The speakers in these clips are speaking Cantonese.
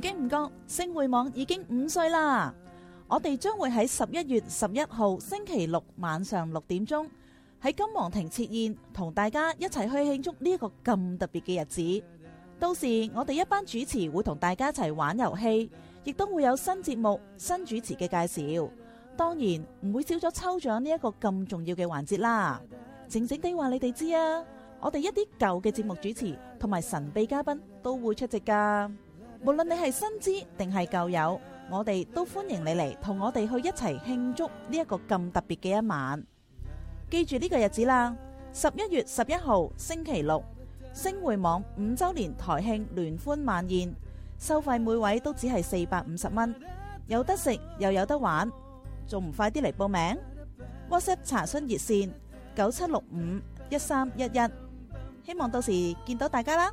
經唔覺星匯網已經五歲啦！我哋將會喺十一月十一號星期六晚上六點鐘喺金皇庭設宴，同大家一齊去慶祝呢一個咁特別嘅日子。到時我哋一班主持會同大家一齊玩遊戲，亦都會有新節目、新主持嘅介紹。當然唔會少咗抽獎呢一個咁重要嘅環節啦。靜靜地話你哋知啊，我哋一啲舊嘅節目主持同埋神秘嘉賓都會出席噶。無論你係新知定係舊友，我哋都歡迎你嚟同我哋去一齊慶祝呢一個咁特別嘅一晚。記住呢個日子啦，十一月十一號星期六，星匯網五周年台慶聯歡晚宴，收費每位都只係四百五十蚊，有得食又有得玩，仲唔快啲嚟報名？WhatsApp 查詢熱線九七六五一三一一，希望到時見到大家啦。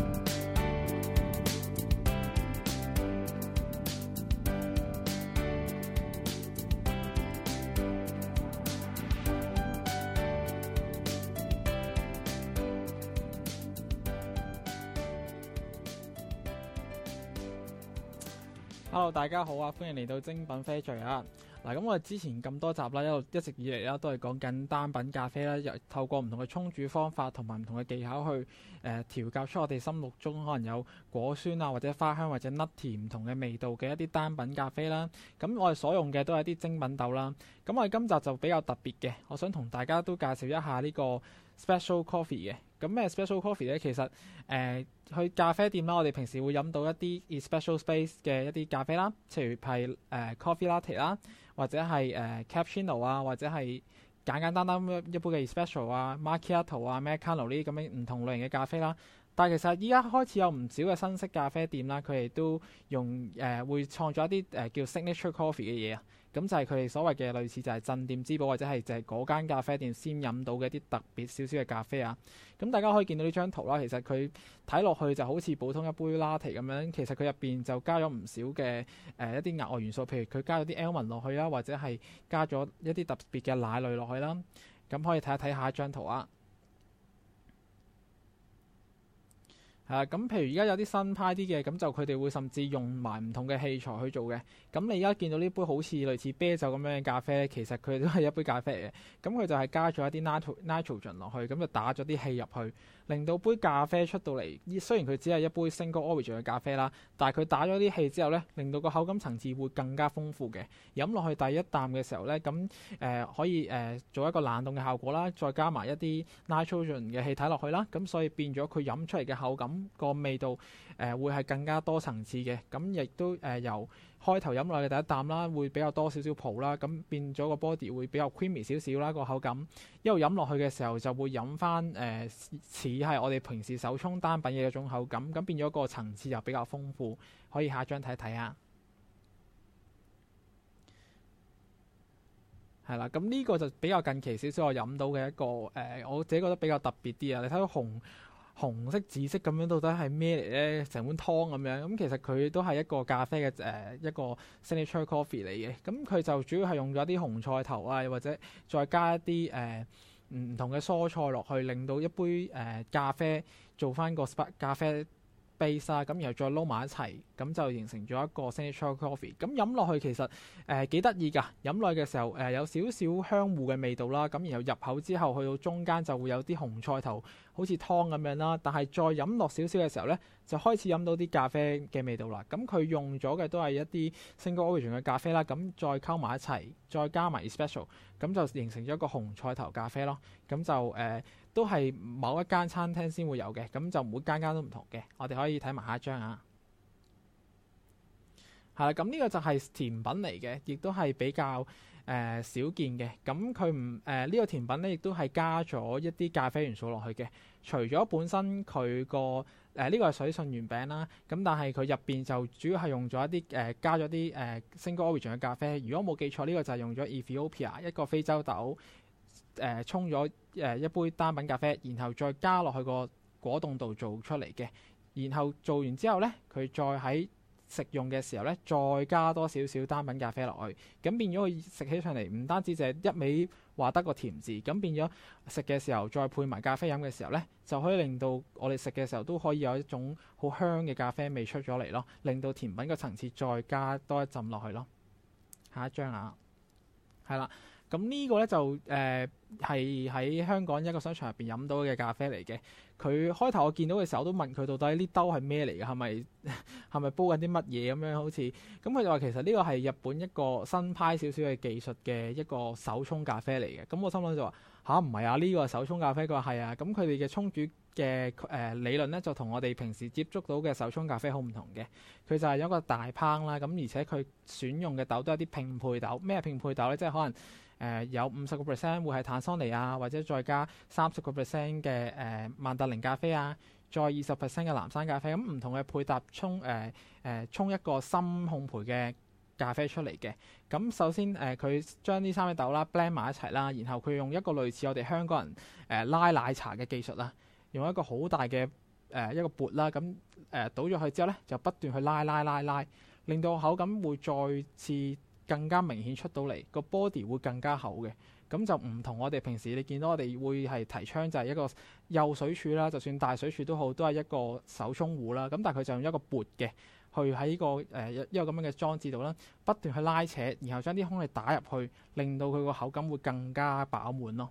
大家好啊！歡迎嚟到精品啡聚啊。嗱，咁我哋之前咁多集啦，一路一直以嚟啦，都係講緊單品咖啡啦。又透過唔同嘅沖煮方法同埋唔同嘅技巧去誒、呃、調教出我哋心目中可能有果酸啊，或者花香或者 nutty 唔同嘅味道嘅一啲單品咖啡啦。咁我哋所用嘅都係一啲精品豆啦。咁我哋今集就比較特別嘅，我想同大家都介紹一下呢個 special coffee 嘅。咁咩 special coffee 咧？其實誒、呃、去咖啡店啦、啊，我哋平時會飲到一啲 special space 嘅一啲咖啡啦，譬如係誒 coffee latte 啦，或者係誒、呃、cappuccino 啊，或者係簡簡單單一般嘅、e、special 啊、macchiato 啊、matcha 呢啲咁樣唔同類型嘅咖啡啦。但係其實依家開始有唔少嘅新式咖啡店啦，佢哋都用誒、呃、會創造一啲誒、呃、叫 signature coffee 嘅嘢啊。咁就係佢哋所謂嘅類似，就係鎮店之寶或者係就係嗰間咖啡店先飲到嘅一啲特別少少嘅咖啡啊！咁大家可以見到呢張圖啦，其實佢睇落去就好似普通一杯拉提咁樣，其實佢入邊就加咗唔少嘅誒、呃、一啲額外元素，譬如佢加咗啲 almon 落去啦，或者係加咗一啲特別嘅奶類落去啦。咁、啊、可以睇一睇下一張圖啊！啊，咁譬如而家有啲新派啲嘅，咁就佢哋會甚至用埋唔同嘅器材去做嘅。咁你而家見到呢杯好似類似啤酒咁樣嘅咖啡，其實佢哋都係一杯咖啡嚟嘅。咁佢就係加咗一啲 nitrogen 落去，咁就打咗啲氣入去。令到杯咖啡出到嚟，雖然佢只係一杯 single origin 嘅咖啡啦，但係佢打咗啲氣之後咧，令到個口感層次會更加豐富嘅。飲落去第一啖嘅時候咧，咁、嗯、誒、呃、可以誒、呃、做一個冷凍嘅效果啦，再加埋一啲 nitrogen 嘅氣體落去啦，咁、嗯、所以變咗佢飲出嚟嘅口感個味道誒、呃、會係更加多層次嘅，咁、嗯、亦都誒由。呃開頭飲落去第一啖啦，會比較多少少泡啦，咁變咗個 body 會比較 creamy 少少啦，個口感。一路飲落去嘅時候就會飲翻誒，似、呃、係我哋平時手沖單品嘅一種口感，咁變咗個層次又比較豐富。可以下一張睇一睇啊。係啦，咁呢個就比較近期少少我飲到嘅一個誒、呃，我自己覺得比較特別啲啊。你睇到紅。紅色、紫色咁樣，到底係咩嚟咧？成碗湯咁樣，咁其實佢都係一個咖啡嘅誒、呃、一個 signature coffee 嚟嘅，咁、嗯、佢就主要係用咗啲紅菜頭啊，或者再加一啲誒唔同嘅蔬菜落去，令到一杯誒、呃、咖啡做翻個 spa 咖啡。咁，然後再撈埋一齊，咁就形成咗一個 signature coffee。咁飲落去其實誒幾得意㗎，飲落去嘅時候誒、呃、有少少香芋嘅味道啦。咁然後入口之後，去到中間就會有啲紅菜頭好似湯咁樣啦。但係再飲落少少嘅時候呢，就開始飲到啲咖啡嘅味道啦。咁佢用咗嘅都係一啲 single origin 嘅咖啡啦。咁再溝埋一齊，再加埋、e、special，咁就形成咗一個紅菜頭咖啡咯。咁就誒。呃都係某一間餐廳先會有嘅，咁就每間間都唔同嘅。我哋可以睇埋下一張啊，係啦。咁呢個就係甜品嚟嘅，亦都係比較誒少見嘅。咁佢唔誒呢個甜品咧，亦都係加咗一啲咖啡元素落去嘅。除咗本身佢、呃呢個誒呢個係水信玄餅啦，咁但係佢入邊就主要係用咗一啲誒、呃、加咗啲誒 single origin 嘅咖啡。如果冇記錯，呢、呢個就係用咗 Ethiopia 一個非洲豆。誒、呃、沖咗誒、呃、一杯單品咖啡，然後再加落去個果凍度做出嚟嘅，然後做完之後呢，佢再喺食用嘅時候呢，再加多少少單品咖啡落去，咁變咗佢食起上嚟唔單止淨係一味話得個甜字，咁變咗食嘅時候再配埋咖啡飲嘅時候呢，就可以令到我哋食嘅時候都可以有一種好香嘅咖啡味出咗嚟咯，令到甜品個層次再加多一浸落去咯。下一張啊，係啦。咁、嗯這個、呢個咧就誒係喺香港一個商場入邊飲到嘅咖啡嚟嘅。佢開頭我見到嘅時候，我都問佢到底呢兜係咩嚟嘅？係咪係咪煲緊啲乜嘢咁樣？好似咁，佢就話其實呢個係日本一個新派少少嘅技術嘅一個手沖咖啡嚟嘅。咁、嗯、我心諗就話。吓，唔係啊？呢、啊呢個手沖咖啡佢話，係啊。咁佢哋嘅沖煮嘅誒理論咧，就同我哋平時接觸到嘅手沖咖啡好唔同嘅。佢就係有一個大烹啦，咁、啊、而且佢選用嘅豆都有啲拼配豆。咩拼配豆咧？即係可能誒、呃、有五十個 percent 會係坦桑尼亞、啊，或者再加三十個 percent 嘅誒曼特寧咖啡啊，再二十 percent 嘅藍山咖啡。咁、嗯、唔同嘅配搭沖誒誒、呃、沖一個深烘焙嘅咖啡出嚟嘅，咁首先誒，佢將呢三隻豆啦 blend 埋一齊啦，然後佢用一個類似我哋香港人誒、呃、拉奶茶嘅技術啦，用一個好大嘅誒、呃、一個撥啦，咁、啊、誒倒咗去之後咧，就不斷去拉拉拉拉，令到口感會再次更加明顯出到嚟，個 body 會更加厚嘅，咁就唔同我哋平時你見到我哋會係提倡，就係一個幼水柱啦，就算大水柱都好，都係一個手衝壺啦，咁但係佢就用一個撥嘅。去喺呢、呢個一、呃、一個咁樣嘅裝置度啦，不斷去拉扯，然後將啲空氣打入去，令到佢個口感會更加飽滿咯。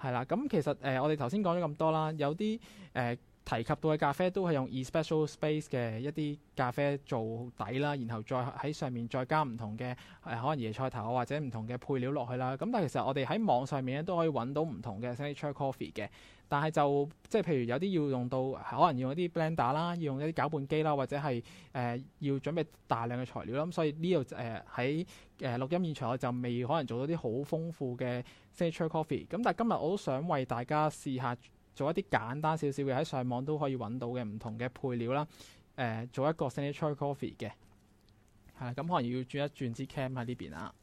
係啦，咁其實誒、呃，我哋頭先講咗咁多啦，有啲誒。呃提及到嘅咖啡都係用 Espresso Space 嘅一啲咖啡做底啦，然後再喺上面再加唔同嘅誒，可能椰菜頭或者唔同嘅配料落去啦。咁但係其實我哋喺網上面咧都可以揾到唔同嘅 Signature Coffee 嘅，但係就即係譬如有啲要用到可能用一啲 Blender 啦，要用一啲攪拌機啦，或者係誒、呃、要準備大量嘅材料啦。咁所以呢度誒喺誒錄音現場，我就未可能做到啲好豐富嘅 Signature Coffee。咁但係今日我都想為大家試下。做一啲簡單少少嘅喺上網都可以揾到嘅唔同嘅配料啦，誒、呃、做一個 signature coffee 嘅，係咁可能要轉一轉支 cam 喺呢邊啊，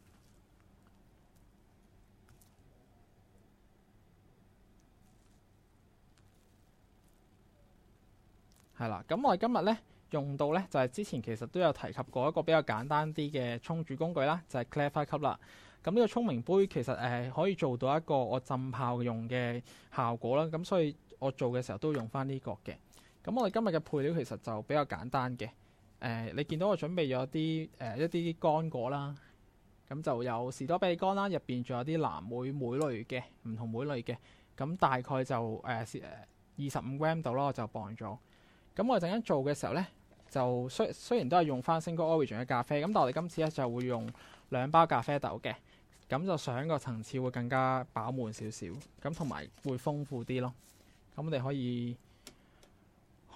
係啦，咁我哋今日咧用到咧就係，是，之前其實都有提及過一個比較簡單啲嘅沖煮工具啦，就係，是，Clear 快級啦。咁呢個聰明杯其實誒、呃、可以做到一個我浸泡用嘅效果啦，咁所以我做嘅時候都用翻呢個嘅。咁我哋今日嘅配料其實就比較簡單嘅，誒、呃、你見到我準備咗啲誒一啲乾、呃、果啦，咁就有士多啤梨乾啦，入邊仲有啲藍莓、莓類嘅，唔同莓類嘅，咁大概就誒二十五 gram 度啦，我就磅咗。咁我哋陣間做嘅時候呢，就雖雖然都係用翻 single origin 嘅咖啡，咁但我哋今次咧就會用兩包咖啡豆嘅。咁就上個層次會更加飽滿少少，咁同埋會豐富啲咯。咁我哋可以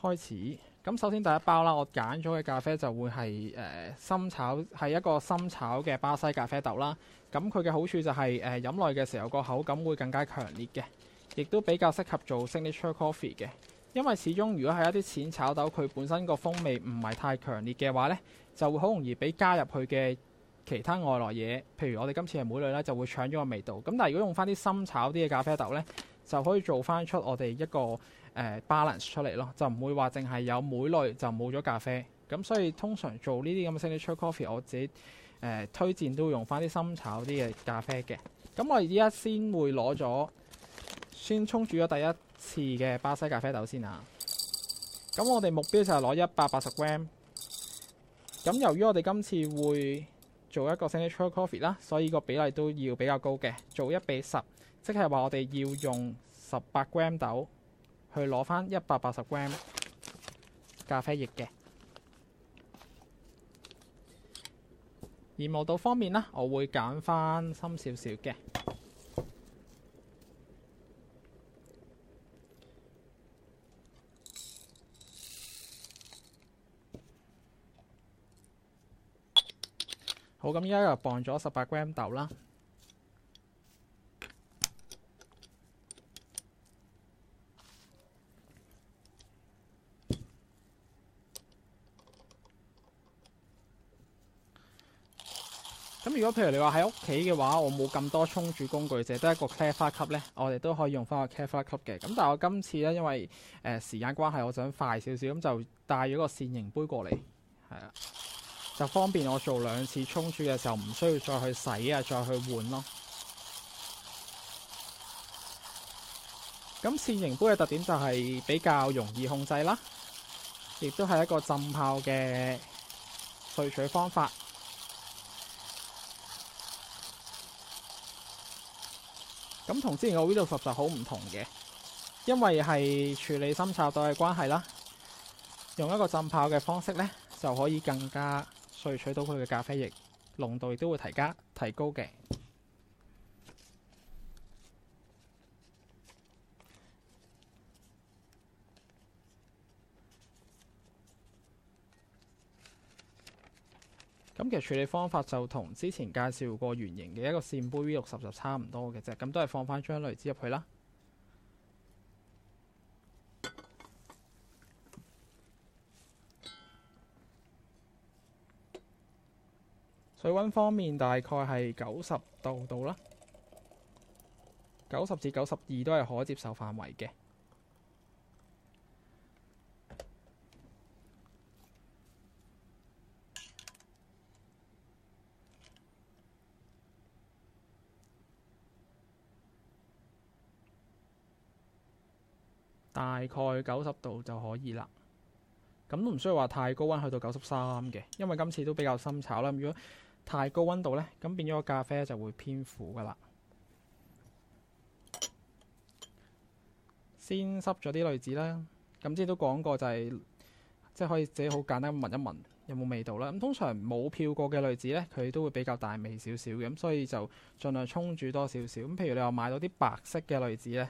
開始。咁首先第一包啦，我揀咗嘅咖啡就會係誒、呃、深炒，係一個深炒嘅巴西咖啡豆啦。咁佢嘅好處就係誒飲耐嘅時候個口感會更加強烈嘅，亦都比較適合做 signature coffee 嘅。因為始終如果係一啲淺炒豆，佢本身個風味唔係太強烈嘅話呢，就會好容易俾加入佢嘅。其他外來嘢，譬如我哋今次係莓類咧，就會搶咗個味道。咁但係如果用翻啲深炒啲嘅咖啡豆呢，就可以做翻出我哋一個誒 balance、呃、出嚟咯，就唔會話淨係有莓類就冇咗咖啡。咁所以通常做呢啲咁嘅 signature coffee，我自己、呃、推薦都會用翻啲深炒啲嘅咖啡嘅。咁我哋而家先會攞咗先沖煮咗第一次嘅巴西咖啡豆先啊。咁我哋目標就係攞一百八十 gram。咁由於我哋今次會，做一個 signature coffee 啦，所以個比例都要比較高嘅，做一比十，即係話我哋要用十八 gram 豆去攞翻一百八十 gram 咖啡液嘅。而磨豆方面咧，我會揀翻深少少嘅。好，咁依家又磅咗十八 gram 豆啦。咁如果譬如你話喺屋企嘅話，我冇咁多沖煮工具，淨係得一個 Care 花級呢，我哋都可以用翻個 Care 花級嘅。咁但係我今次呢，因為誒時間關係，我想快少少，咁就帶咗個扇形杯過嚟，係啊。就方便我做兩次沖煮嘅時候，唔需要再去洗啊，再去換咯。咁、嗯、扇形杯嘅特點就係比較容易控制啦，亦都係一個浸泡嘅萃取方法。咁、嗯、同之前嘅 V60 就好唔同嘅，因為係處理深炒豆嘅關係啦。用一個浸泡嘅方式呢，就可以更加。去取到佢嘅咖啡液濃度，亦都會提高提高嘅。咁其實處理方法就同之前介紹過圓形嘅一個濾杯 V 六十就差唔多嘅啫，咁都係放翻張濾紙入去啦。温方面大概係九十度度啦，九十至九十二都係可接受範圍嘅，大概九十度就可以啦。咁都唔需要話太高温去到九十三嘅，因為今次都比較深炒啦。如果太高溫度呢，咁變咗個咖啡就會偏苦噶啦。先濕咗啲濾紙啦，咁之前都講過就係即係可以自己好簡單聞一聞有冇味道啦。咁通常冇漂過嘅濾紙呢，佢都會比較大味少少嘅，咁所以就盡量沖煮多少少。咁譬如你話買到啲白色嘅濾紙呢，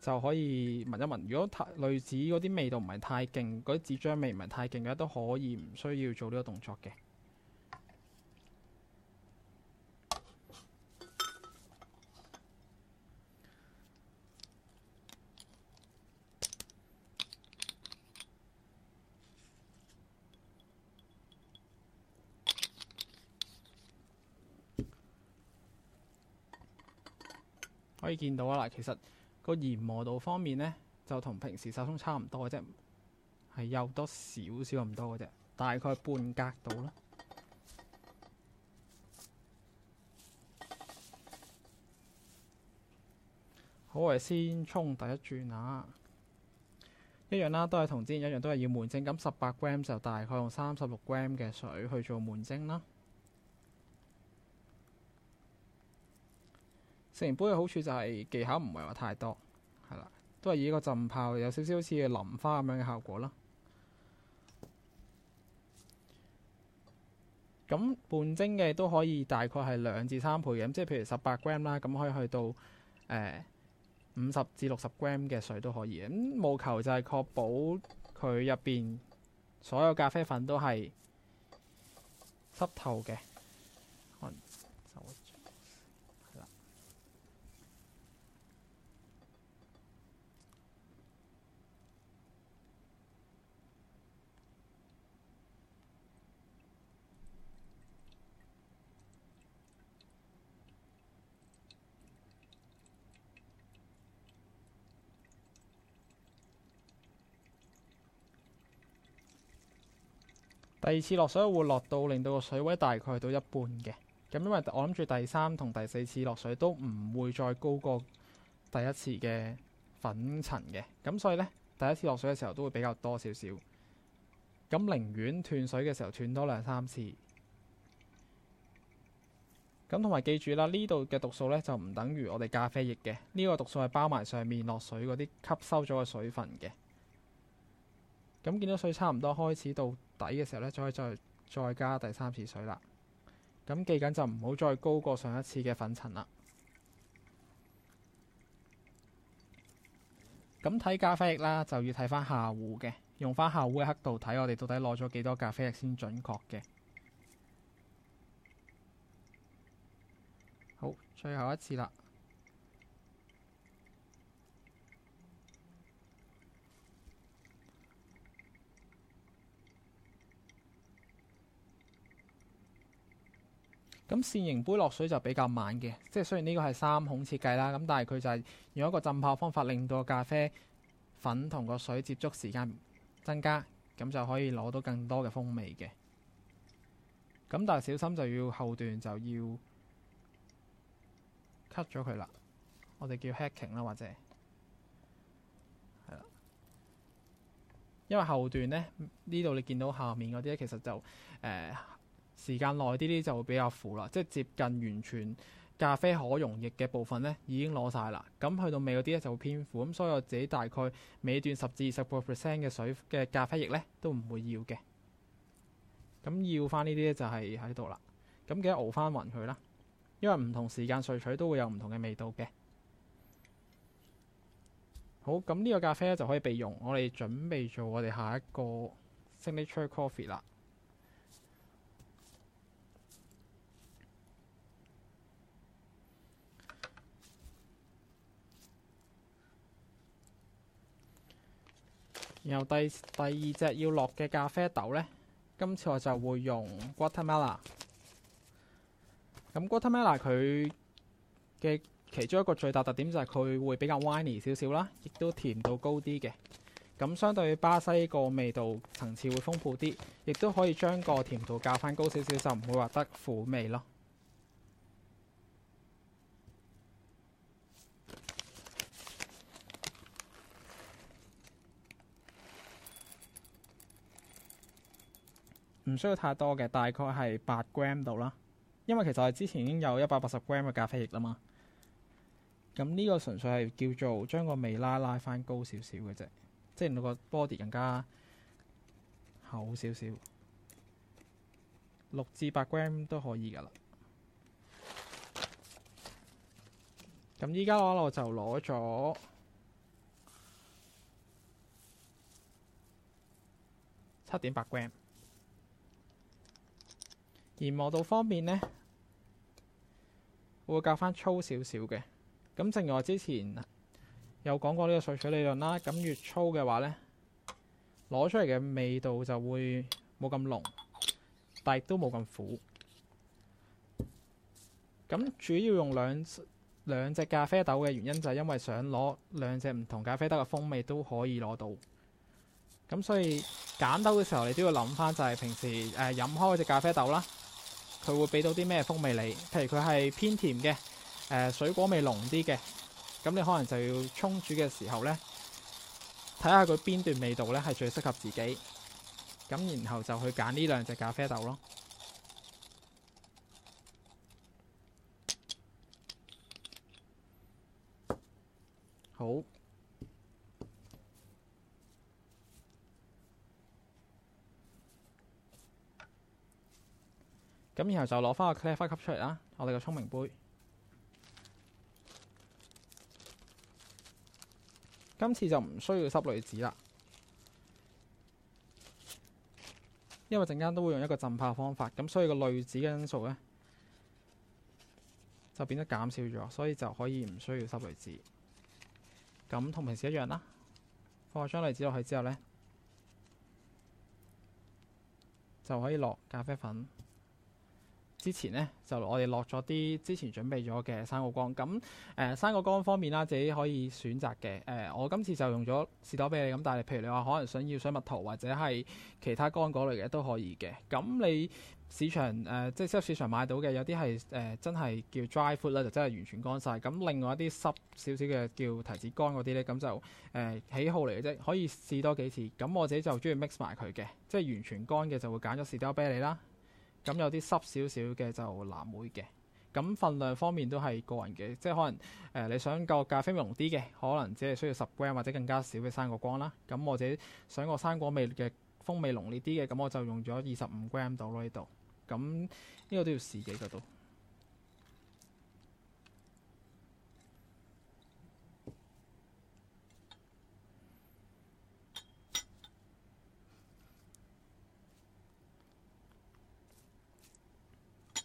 就可以聞一聞。如果太濾紙嗰啲味道唔係太勁，嗰啲紙張味唔係太勁嘅，都可以唔需要做呢個動作嘅。可以見到啊！嗱，其實個研磨度方面呢，就同平時手沖差唔多嘅啫，係幼多少少唔多嘅啫，大概半格度啦。好，我哋先沖第一轉啊！一樣啦，都係同之前一樣都，都係要悶蒸，咁十八 gram 就大概用三十六 gram 嘅水去做悶蒸啦。食完杯嘅好處就係技巧唔係話太多，係啦，都係以個浸泡有少少似淋花咁樣嘅效果啦。咁、嗯、半蒸嘅都可以大概係兩至三倍咁、嗯，即係譬如十八 gram 啦，咁可以去到誒五十至六十 gram 嘅水都可以。咁、嗯、務求就係確保佢入邊所有咖啡粉都係濕透嘅。第二次落水會落到令到個水位大概到一半嘅，咁因為我諗住第三同第四次落水都唔會再高過第一次嘅粉塵嘅，咁所以呢，第一次落水嘅時候都會比較多少少，咁寧願斷水嘅時候斷多兩三次，咁同埋記住啦，呢度嘅毒素呢就唔等於我哋咖啡液嘅呢個毒素係包埋上面落水嗰啲吸收咗嘅水分嘅，咁見到水差唔多開始到底嘅時候呢，再可以再再加第三次水啦。咁記緊就唔好再高過上一次嘅粉塵啦。咁睇咖啡液啦，就要睇翻下壺嘅，用翻下壺嘅刻度睇我哋到底攞咗幾多咖啡液先準確嘅。好，最後一次啦。咁扇形杯落水就比較慢嘅，即係雖然呢個係三孔設計啦，咁但係佢就係用一個浸泡方法，令到咖啡粉同個水接觸時間增加，咁就可以攞到更多嘅風味嘅。咁但係小心就要後段就要 cut 咗佢啦，我哋叫 hacking 啦，或者係啦，因為後段呢，呢度你見到下面嗰啲其實就誒。呃時間耐啲啲就會比較苦啦，即係接近完全咖啡可溶液嘅部分呢已經攞晒啦。咁去到尾嗰啲呢就會偏苦，咁所以我自己大概尾段十至二十個 percent 嘅水嘅咖啡液呢都唔會要嘅。咁要翻呢啲呢就係喺度啦。咁記得熬翻勻佢啦，因為唔同時間萃取都會有唔同嘅味道嘅。好，咁呢個咖啡呢就可以備用。我哋準備做我哋下一個 Signature Coffee 啦。然後第第二隻要落嘅咖啡豆呢，今次我就會用 Guatemala，咁 Guatemala 佢嘅其中一個最大特點就係佢會比較 winey 少少啦，亦都甜度高啲嘅。咁相對巴西個味道層次會豐富啲，亦都可以將個甜度較返高少少，就唔會話得苦味咯。唔需要太多嘅，大概係八 gram 度啦，因為其實我哋之前已經有一百八十 gram 嘅咖啡液啦嘛。咁呢個純粹係叫做將個味拉拉翻高少少嘅啫，即係令到個 body 更加厚少少，六至八 gram 都可以噶啦。咁依家嘅話我就攞咗七點八 gram。研磨度方面呢，會較翻粗少少嘅。咁正如我之前有講過呢個萃取理論啦。咁越粗嘅話呢，攞出嚟嘅味道就會冇咁濃，但亦都冇咁苦。咁主要用兩兩隻咖啡豆嘅原因就係因為想攞兩隻唔同咖啡豆嘅風味都可以攞到。咁所以揀豆嘅時候，你都要諗翻就係平時誒飲、呃、開隻咖啡豆啦。佢會俾到啲咩風味你？譬如佢係偏甜嘅，誒、呃、水果味濃啲嘅，咁你可能就要沖煮嘅時候呢，睇下佢邊段味道呢係最適合自己，咁然後就去揀呢兩隻咖啡豆咯。咁然後就攞翻個 Clever Cup 出嚟啦，我哋個聰明杯。今次就唔需要濕濾紙啦，因為陣間都會用一個浸泡方法，咁所以個濾紙嘅因素呢，就變得減少咗，所以就可以唔需要濕濾紙。咁同平時一樣啦，放咗張濾紙落去之後呢，就可以落咖啡粉。之前呢，就我哋落咗啲之前準備咗嘅生果乾咁。誒生果乾方面啦、啊，自己可以選擇嘅誒、呃。我今次就用咗士多啤梨咁，但係譬如你話可能想要水蜜桃或者係其他乾果類嘅都可以嘅。咁你市場誒、呃、即係濕市場買到嘅有啲係誒真係叫 dry food 啦，就真係完全乾晒。咁另外一啲濕少少嘅叫提子乾嗰啲呢，咁就誒、呃、喜好嚟嘅啫，可以試多幾次。咁我自己就中意 mix 埋佢嘅，即係完全乾嘅就會揀咗士多啤梨啦。咁有啲濕少少嘅就藍莓嘅，咁分量方面都係個人嘅，即係可能誒、呃、你想個咖啡味濃啲嘅，可能只係需要十 gram 或者更加少嘅生果乾啦。咁或者想個生果味嘅風味濃烈啲嘅，咁我就用咗二十五 gram 到咯呢度。咁、那、呢個都要試幾個度。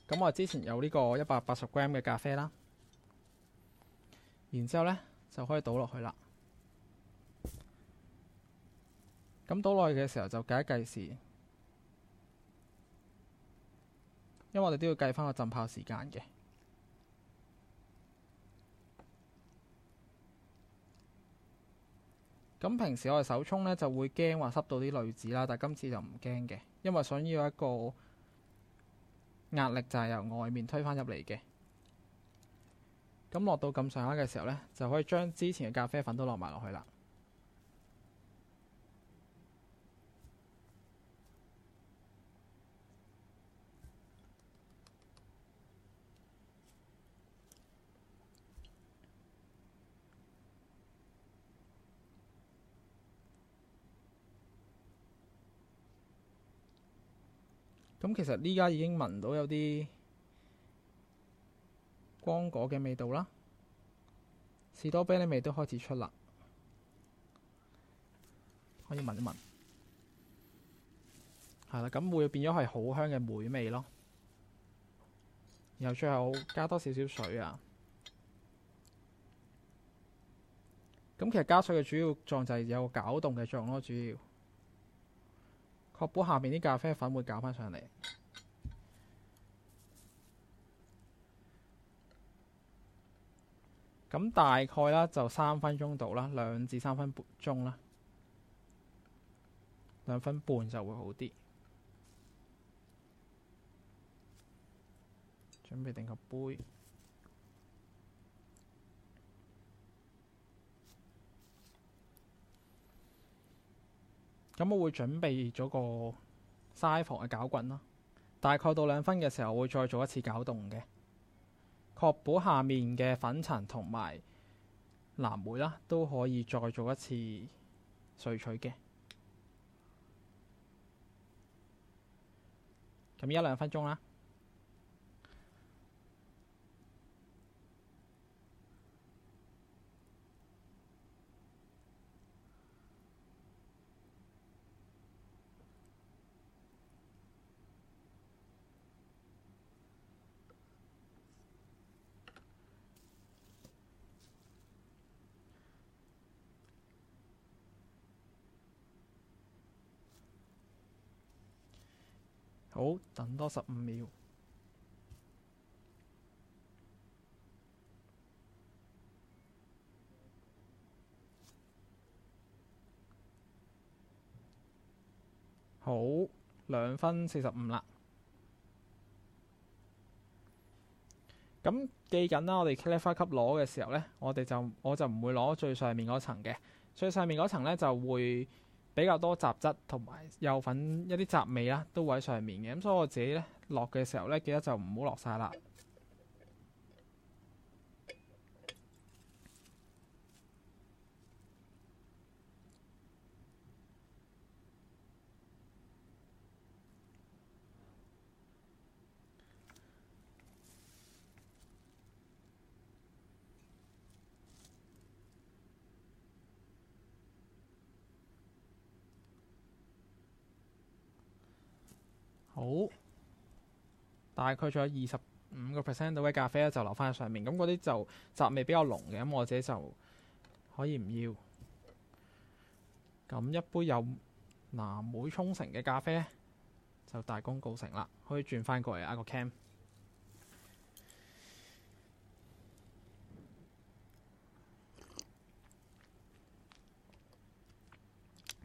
咁我之前有呢個一百八十 gram 嘅咖啡啦，然之後呢就可以倒落去啦。咁倒落去嘅時候就計一計時，因為我哋都要計翻個浸泡時間嘅。咁平時我哋手沖呢就會驚話濕到啲濾紙啦，但係今次就唔驚嘅，因為想要一個。壓力就係由外面推返入嚟嘅，咁落到咁上下嘅時候咧，就可以將之前嘅咖啡粉都落埋落去啦。咁其實呢家已經聞到有啲光果嘅味道啦，士多啤梨味都開始出啦，可以聞一聞，係啦，咁會變咗係好香嘅梅味咯。然後最後加多少少水啊，咁其實加水嘅主要作用就係有攪動嘅作用咯，主要。確保下面啲咖啡粉會攪返上嚟，咁大概啦就三分鐘到啦，兩至三分半鐘啦，兩分半就會好啲。準備定個杯。咁我會準備咗個篩房嘅攪棍啦，大概到兩分嘅時候會再做一次攪動嘅，確保下面嘅粉塵同埋藍莓啦都可以再做一次萃取嘅，咁一兩分鐘啦。好，等多十五秒。好，兩分四十五啦。咁記緊啦，我哋 Clever Cup 攞嘅時候呢，我哋就我就唔會攞最上面嗰層嘅，最上面嗰層呢，就會。比較多雜質同埋幼粉，一啲雜味啊，都會喺上面嘅。咁所以我自己咧落嘅時候咧，記得就唔好落晒啦。好，大概仲有二十五個 percent 度嘅咖啡咧，就留翻喺上面。咁嗰啲就雜味比較濃嘅，咁我自己就可以唔要。咁一杯有藍莓沖成嘅咖啡就大功告成啦，可以轉翻過嚟一個 cam。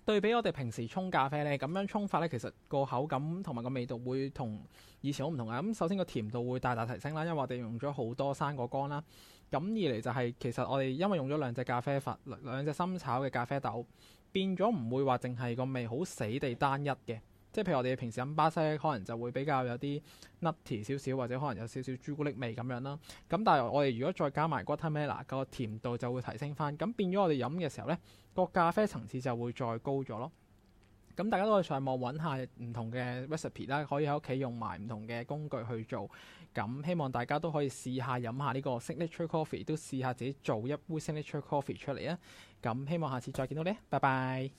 對比我哋平時沖咖啡呢，咁樣沖法呢，其實個口感同埋個味道會同以前好唔同啊！咁首先個甜度會大大提升啦，因為我哋用咗好多水果乾啦。咁二嚟就係、是、其實我哋因為用咗兩隻咖啡粉、兩隻深炒嘅咖啡豆，變咗唔會話淨係個味好死地單一嘅。即係譬如我哋平時飲巴西可能就會比較有啲 nutty 少少，或者可能有少少朱古力味咁樣啦。咁但係我哋如果再加埋 g u a t e m a l 個甜度就會提升翻。咁變咗我哋飲嘅時候呢，那個咖啡層次就會再高咗咯。咁大家都去上網揾下唔同嘅 recipe 啦，可以喺屋企用埋唔同嘅工具去做。咁希望大家都可以試下飲下呢個 s i g n a t u r e coffee，都試下自己做一杯 s i g n a t u r e coffee 出嚟啊！咁希望下次再見到你，拜拜。